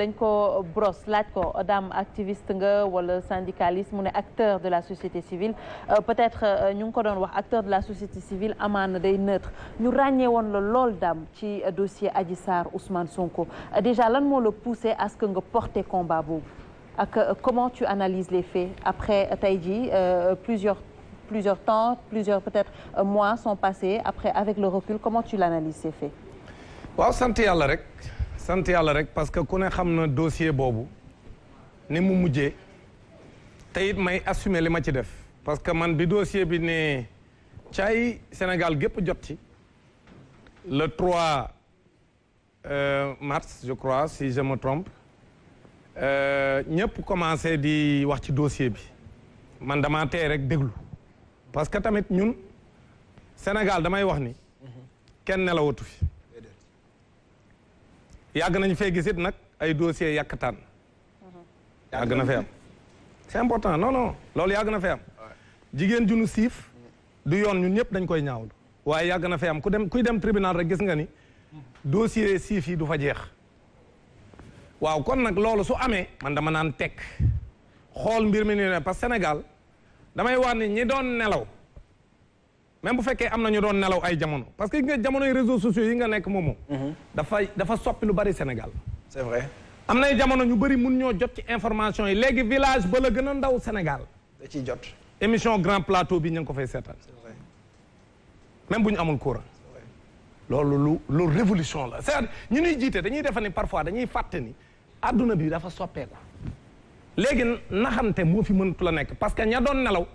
dañ ko brosse laaj ko daam activiste nga wala syndicaliste mu ne acteur de la société civile euh, peut-être euh, ñu ngi ko doon wax acteur de la société civile amaana day neutre ñu ràññee woon la lool daam ci dossier Adji Sarr Ousmane Sonko euh, déjà lan moo la poussé à ce que nga porter combat boobu ak comment tu analyses les faits après tey jii plusieurs plusieurs temps plusieurs peut-être mois sont passés après avec le recul comment tu l'analyses ces faits sant yàlla rek parce que ku ne xam na dossier boobu ni mu mujjee te it may assume li ma ci def parce que man bi dossier bi ne caay Sénégal gépp jot ci le trois euh, mars je crois si je me trompe euh, ñëpp commencé di wax ci dossier bi man damaa tey rek déglu parce que tamit ñun Sénégal damay wax ni kenn nelawatu fi yàgg nañ fee gis nag ay dossiers yàkkataan. yàgg na fee am. c'est important nono non loolu yàgg na fee am. jigéen ju nu siif. du yoon ñun ñëpp dañ koy ñaawlu. waaye yàgg na fee am ku dem kuy dem tribunal rek gis nga ni. dossier siif yi du fa jeex. waaw kon nag loolu su amee. man dama naan tekk xool mbir mi ni ne parce que Sénégal damay wax ni ñi doon nelaw. même bu fekkee am na ñu doon nelaw ay jamono parce que nga jamonoy réseaux sociaux yi nga nekk moomu. Mhm. dafa dafa soppi lu bari Sénégal. c'est vrai am nay jamono ñu bari mun ñoo jot ci information yi léegi village ba la gën a ndaw Sénégal. da jot émission grand bi ñu ngi ko fay seetaan. c'est même bu ñu amul courant. loolu lu lu révolution la c'est-à-dire jiite dañuy defe ni parfois dañuy fàtte ni adduna bi dafa soppee la léegi naxante moo fi mëntu la nekk parce que ña doon nelaw.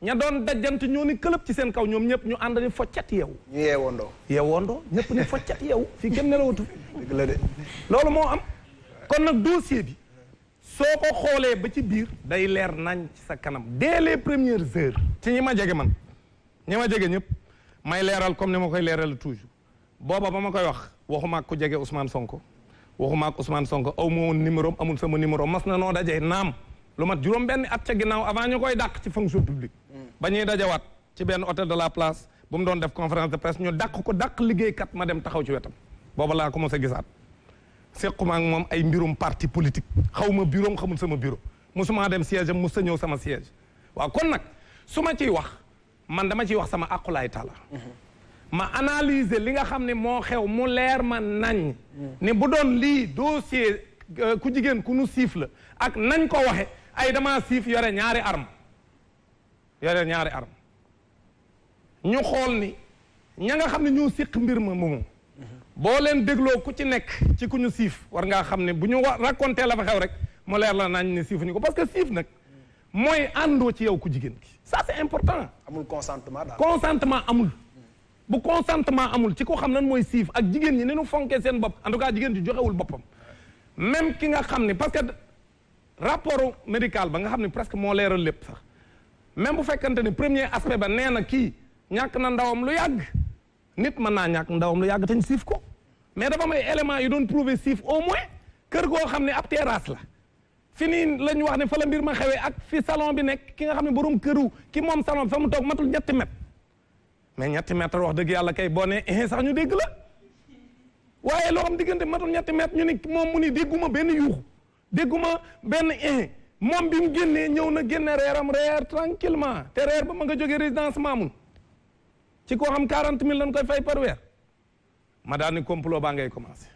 ña doon dajjant ñoo ni këlëb ci seen kaw ñoom ñëpp ñu ànd ni foccat yeewu ñu yeewondoo yeewondoo ñëpp ni foccat yeewu fii kenn nelawatu dëgg la de loolu moo am kon nag dossier bi soo ko xoolee ba ci biir day leer nañ ci sa kanam dès les premières heures ci ñi ma jege man ñi ma jege ñëpp may leeral comme ni ma koy leeral toujours booba ba ma koy wax waxumaak ak ku jege Ousmane Sonko waxuma ak Ousmane Sonko aw ma woon numéro amul sama numéro mas na noo dajee naam lu mat juróom benn at ca ginnaaw avant ñu koy dàq ci fonction publique mm. ba ñuy dajawaat ci benn hôtel de la place bu mu doon def conférence de presse ñu dàq ko dàq liggéeykat ma dem taxaw ci wetam booba laa commencé gisaat sequma ak moom ay mbirum parti politique xaw ma bureau xamul sama bureau mosuma dem siège mu sa ñëw sama siège waaw kon nag su ma ci wax man dama ciy wax sama aqulaay taala mm-hmm. ma analyser li nga xam ne moo xew mu leer ma na mm. ni bu doon lii dossier Euh, ku jigéen ku nu siif la ak nañ koo waxe ay dama siif yore ñaari arme yore ñaari arme ñu xool ni ñanga xam ni ñu siq mbir ma moomu boo leen dégloo ku ci nekk ci ku ñu siif war ngaa xam ne bu ñu wa raconté la fa xew rek mu leer la nañ ne ñu ko parce que siif nag mooy àndoo ci yow ku jigéen ki ça c'est important amul consentement daal consentement amul bu consentement amul ci ko xam lan mooy siif ak jigéen ñi ne nu fonkee seen bopp en tout cas jigéen ji joxewul boppam même ki nga xam ni parce que rapport médical ba nga xam ni presque moo leeral lépp sax même bu fekkante ni premier aspect ba nee na kii ñàkk na ndawam lu yàgg nit mën naa ñàkk ndawam lu yàgg te ñu siif ko mais dafa may élément yu doon prouver siif au moins kër koo xam ne ab terrasse la fi nii la ñu wax ne fa la mbir ma xewee ak fi salon bi nekk ki nga xam ne borom këru ki moom salon bi fa mu toog matul ñetti mètre mais ñetti mètre wax dëgg yàlla kay boo nee eh, sax ñu dégg la waaye loo xam diggante matul ñetti mètre ñu ni moom mu ni dégguma benn yuuxu dégguma benn in moom bi mu génnee ñëw na génne reeram reer tranquillement te reer ba ma nga jógee résidence Mamoun ci ko xam quarante mille lañ koy fay par weer ma daal ni complot baa ngay commencé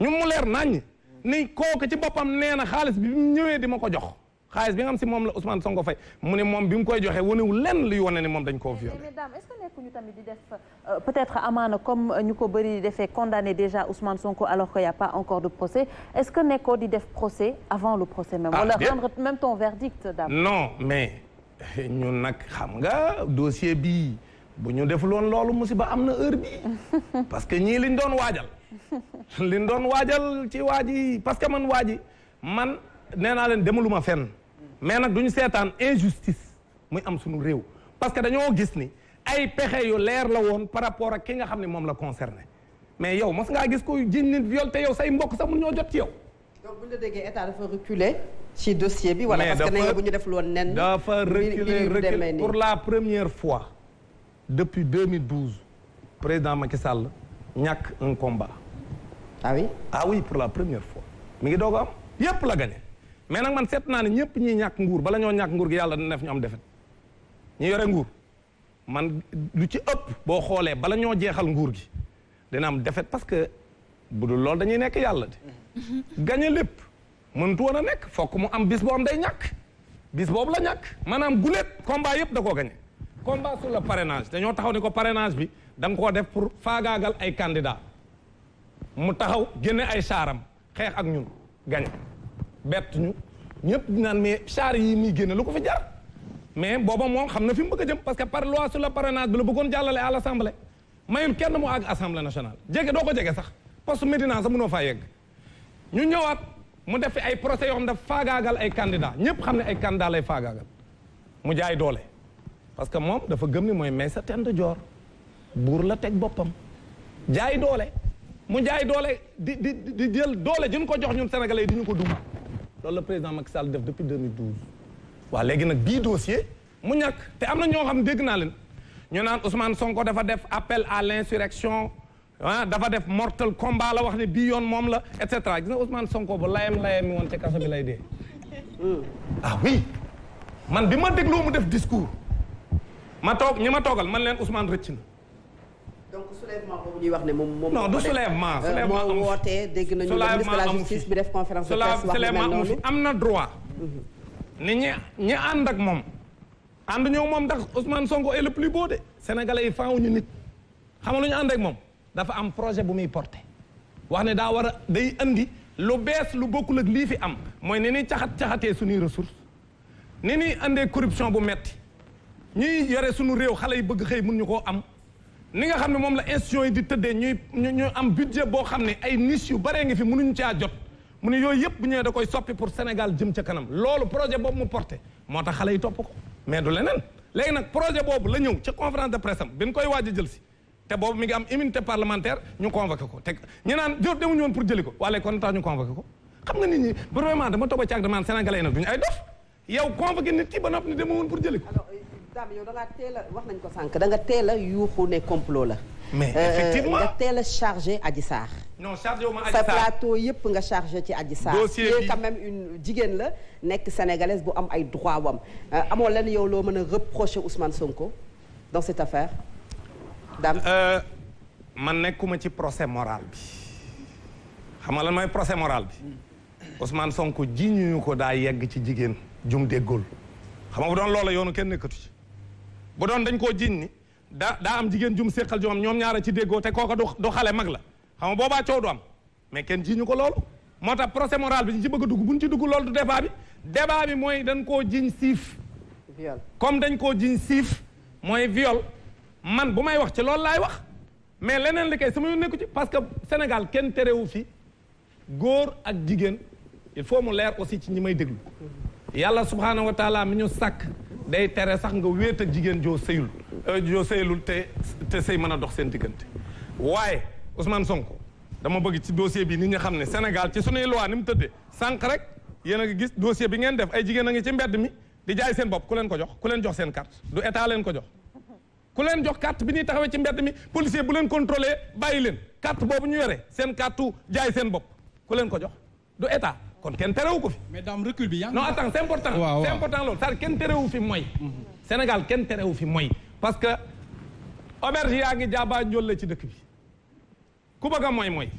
ñu mu leer naññ ni kooku ci boppam nee na xaalis bi mu ñëwee di ma ko jox xaalis bi nga si moom la Ousmane Sonko fay mu ne moom bi mu koy joxe wanewul lenn luy wane ne moom dañ koo violé. mais dame est-ce que nekkuñu tamit di def euh, peut-être amaana comme ñu ko bëri di defee condamné déjà Ousmane Sonko alors que y pas encore de procès est-ce que nekkoo di def procès avant le procès même. Ah, wala rendre même ton verdict non mais ñun nag xam nga dossier bi bu ñu defuloon loolu musiba am na heure bii parce que ñii liñ doon waajal liñ doon waajal ci waaji parce que man waaji man nee naa leen demaluma fenn mais nag du ñu seetaan injustice muy am suñu réew parce que dañoo gis ni ay pexe yu leer la woon par rapport ak ki nga xam ne moom la concerné mais yow mos ngaa gis koy jiñ nit viol yow say mbokk sax mun ñoo jot ci yow. donc bu ñu la déggee état dafa reculer ci dossier bi. wala parce que nañ bu ñu def loon nen. dafa reculer recul pour la première fois depuis 2012 président Macky Sall ñàkk un combat. Ah, ah oui pour la première fois mi ngi doog am yépp la gagné. mais nag man seet naa ne ñëpp ñiy ñàkk nguur bala ñoo ñàkk nguur gi yàlla dana def ñu am defet ñi yore nguur man lu ci ëpp boo xoolee bala ñoo jeexal nguur gi dana am defet parce que bu du loolu dañuy nekk yàlla de mhm. gañe lépp mëntu woon a nekk fokk mu am bis boo am day ñàkk bis boobu la ñàkk maanaam guléet combat yëpp da koo gañe combat sur le parrainage dañoo taxaw ni ko parrainage bi da nga koo def pour faagaagal ay candidat mu taxaw génne ay saaram xeex ak ñun gañe bett ñu ñëpp naan mais char yi nii génne lu ko fi jar mais booba moom xam na fi mu bëgg jëm parce que par loi la le parrainage bi la bëggoon jàllale à l' assemblée mayul kenn mu àgg assemblée nationale jege doo ko jege sax poste Médina sax noo faa yegg ñu ñëwaat mu def fi ay procès yoo xam daf faagaagal ay candidats ñëpp xam ne ay candidats lay faagaagal mu jaay doole parce que moom dafa gëm ni mooy may sa tend joor buur la teg boppam jaay doole mu jaay doole di di di jël doole juñ ko jox ñun sénégalais yi di ko duma loolu la président Macky Sall def depuis 2012. waaw léegi nag bii dossier mu ñàkk te am na ñoo xam dégg naa leen ñu naan Ousmane Sonko dafa def appel à l'insurrection ah dafa def mortal combat la wax ne bii yoon moom la et cetera gis nga Ousmane Sonko ba layam layam mi woon ci kaso bi lay dee. Hmm. ah oui man bi ma dégloo mu def discours ma toog ñi ma toogal man leen Ousmane rëcc na. donc soulèvement ñuy wax ne moom moom. non du soulèvement. Euh, soulèvement amul wootee dégg nañu le ministre de la justice bi def conférence de am na droit. Mhm. ni ñi ñi ànd ak moom. ànd ñëw moom ndax Ousmane Sonko est le plus beau de. Sénégalais yi faawuñu nit. xam lu ñu ànd ak moom dafa am projet bu muy porte wax ne daa war a day andi lu bees lu bokkul ak lii fi am mooy ni ñuy caxat caxatee suñuy ressources. ni ñuy andee corruption bu metti ñuy yore sunu réew xale yi bëgg xëy mun ñu ko am. ni nga xam ne moom la institution yi di tëddee ñuy ñuy am budget boo xam ne ay niche yu baree ngi fi ñu caa jot mu ne yooyu yëpp bu ñëwee da koy soppi pour Sénégal jëm ca kanam loolu projet boobu mu porte moo tax xale yi topp ko mais du leneen léegi nag projet boobu la ñëw ca conférence de presse am koy waaj a jël si te boobu mi ngi am immunité parlementaire ñu convoqué ko te ñu naan jot demuñu woon pour jëli ko waaye kon tax ñu convoqué ko xam nga nit ñi vraiment a caag damaan sénégalais yi nag duñu ay dof yow convoqué nit ki ba pour jëli ko daam yow da ngaa teel a wax nañ ko sànq da nga teel a yuuxu ne complot la. mais euh, nga teel a chargé Adji Sarr. non chargé wu ma Adji Sarr yëpp nga chargé ci aji Sarr. dossier bi quand même une jigéen la nekk sénégalaise bu am ay droit wam euh, amoo leen yow loo mën a reprocher Ousmane Sonko dans cette affaire daam. Euh, man nekkuma ci procès moral bi xam nga lan mooy procès moral bi Ousmane Sonko ji ñu ko daa yegg ci jigéen jum déggul xam nga bu doon loola yoonu kenn nekkatu ci. bu doon dañ koo jiiñ ni daa daa am jigéen jum séqal joom ñoom ñaara ci déggoo te kooka du du xale mag la xam nga boobaa coow du am mais kenn jiiñu ko loolu moo tax procès moral bi ñu ci bëgg a dugg buñ ci dugg loolu du débat bi débat bi mooy dañ koo jiiñ siif comme dañ koo jiiñ siif mooy viol man bu may wax ci loolu laay wax mais leneen li kay ma yoon nekku ci parce que Sénégal kenn terewu fi góor ak jigéen il faut mu leer aussi ci ñi may déglu mm-hmm. yàlla subhaanahu wa taala mi ñu sàkk day tere sax nga wéet ak jigéen joo sëyul euh, joo sëyalul te te sëy mën a dox seen diggante waaye Ousmane Sonko dama bëgg ci dossier bi nit ñi xam ne Sénégal ci sunuy loi ni mu tëddee sànq rek yéen a gis dossier bi ngeen def ay jigéen a ngi ci mbedd mi di jaay seen bopp ku leen ko jox ku leen jox seen carte du état leen ko jox ku leen jox carte bi ñuy taxawee ci mbedd mi policier bu leen contrôlé bàyyi leen carte boobu ñu yore seen carte jaay seen bopp ku leen ko jox du état kon kenn terewu ko fi. mais daam recul bi yaa ngi. non attends c'est important. c'est important loolu c'est kenn terewu fi mooy. Sénégal kenn terewu fi mooy. parce que ober yaa ngi jaabaa njool la ci dëkk bi ku bëgg a mooy mooy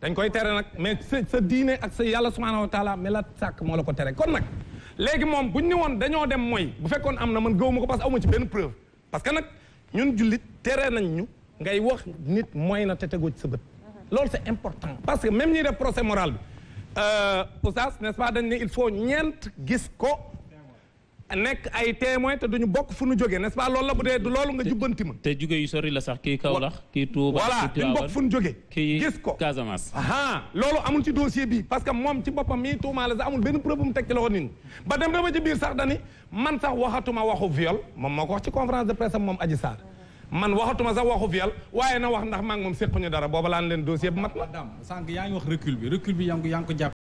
dañ koy tere nag mais sa sa diine ak sa yàlla subhaanahu wa taala mais la sàkk moo la ko tere kon nag léegi moom bu ñu ni woon dañoo dem mooy bu fekkoon am na man gëwuma ko parce que awma ci benn preuve parce que nag ñun jullit tere nañ ñu ngay wax nit mooy na te tegoo ci sa bët loolu c'est important parce que même ñuy def procès moral bi Euh, oustaz n'est-ce pas dañ ne il faut ñeent gis ko nekk ay témoin te duñu bokk fu nu jógee n'est-ce pas loolu la bu dee du loolu nga jubbanti ma. te jóge yu sori la sax kii Kaolack kii Touba voilà duñu bokk fu jóge jógee. gis ko Casamance. loolu amul ci dossier bi parce que moom ci boppam mii tuuma la sax amul benn preuve mu teg ci loxo nit ñi ba dem ba ci biir sax dani man sax waxatuma waxu viol moom moo ko wax ci conférence de presse am moom Adji Sarr man waxatuma sax waxu viol waaye na wax ndax maa ngi moom séquñu dara booba laan leen dossier bi mat na. sànq yaa ngi wax recul bi recul bi yaa ngi jàpp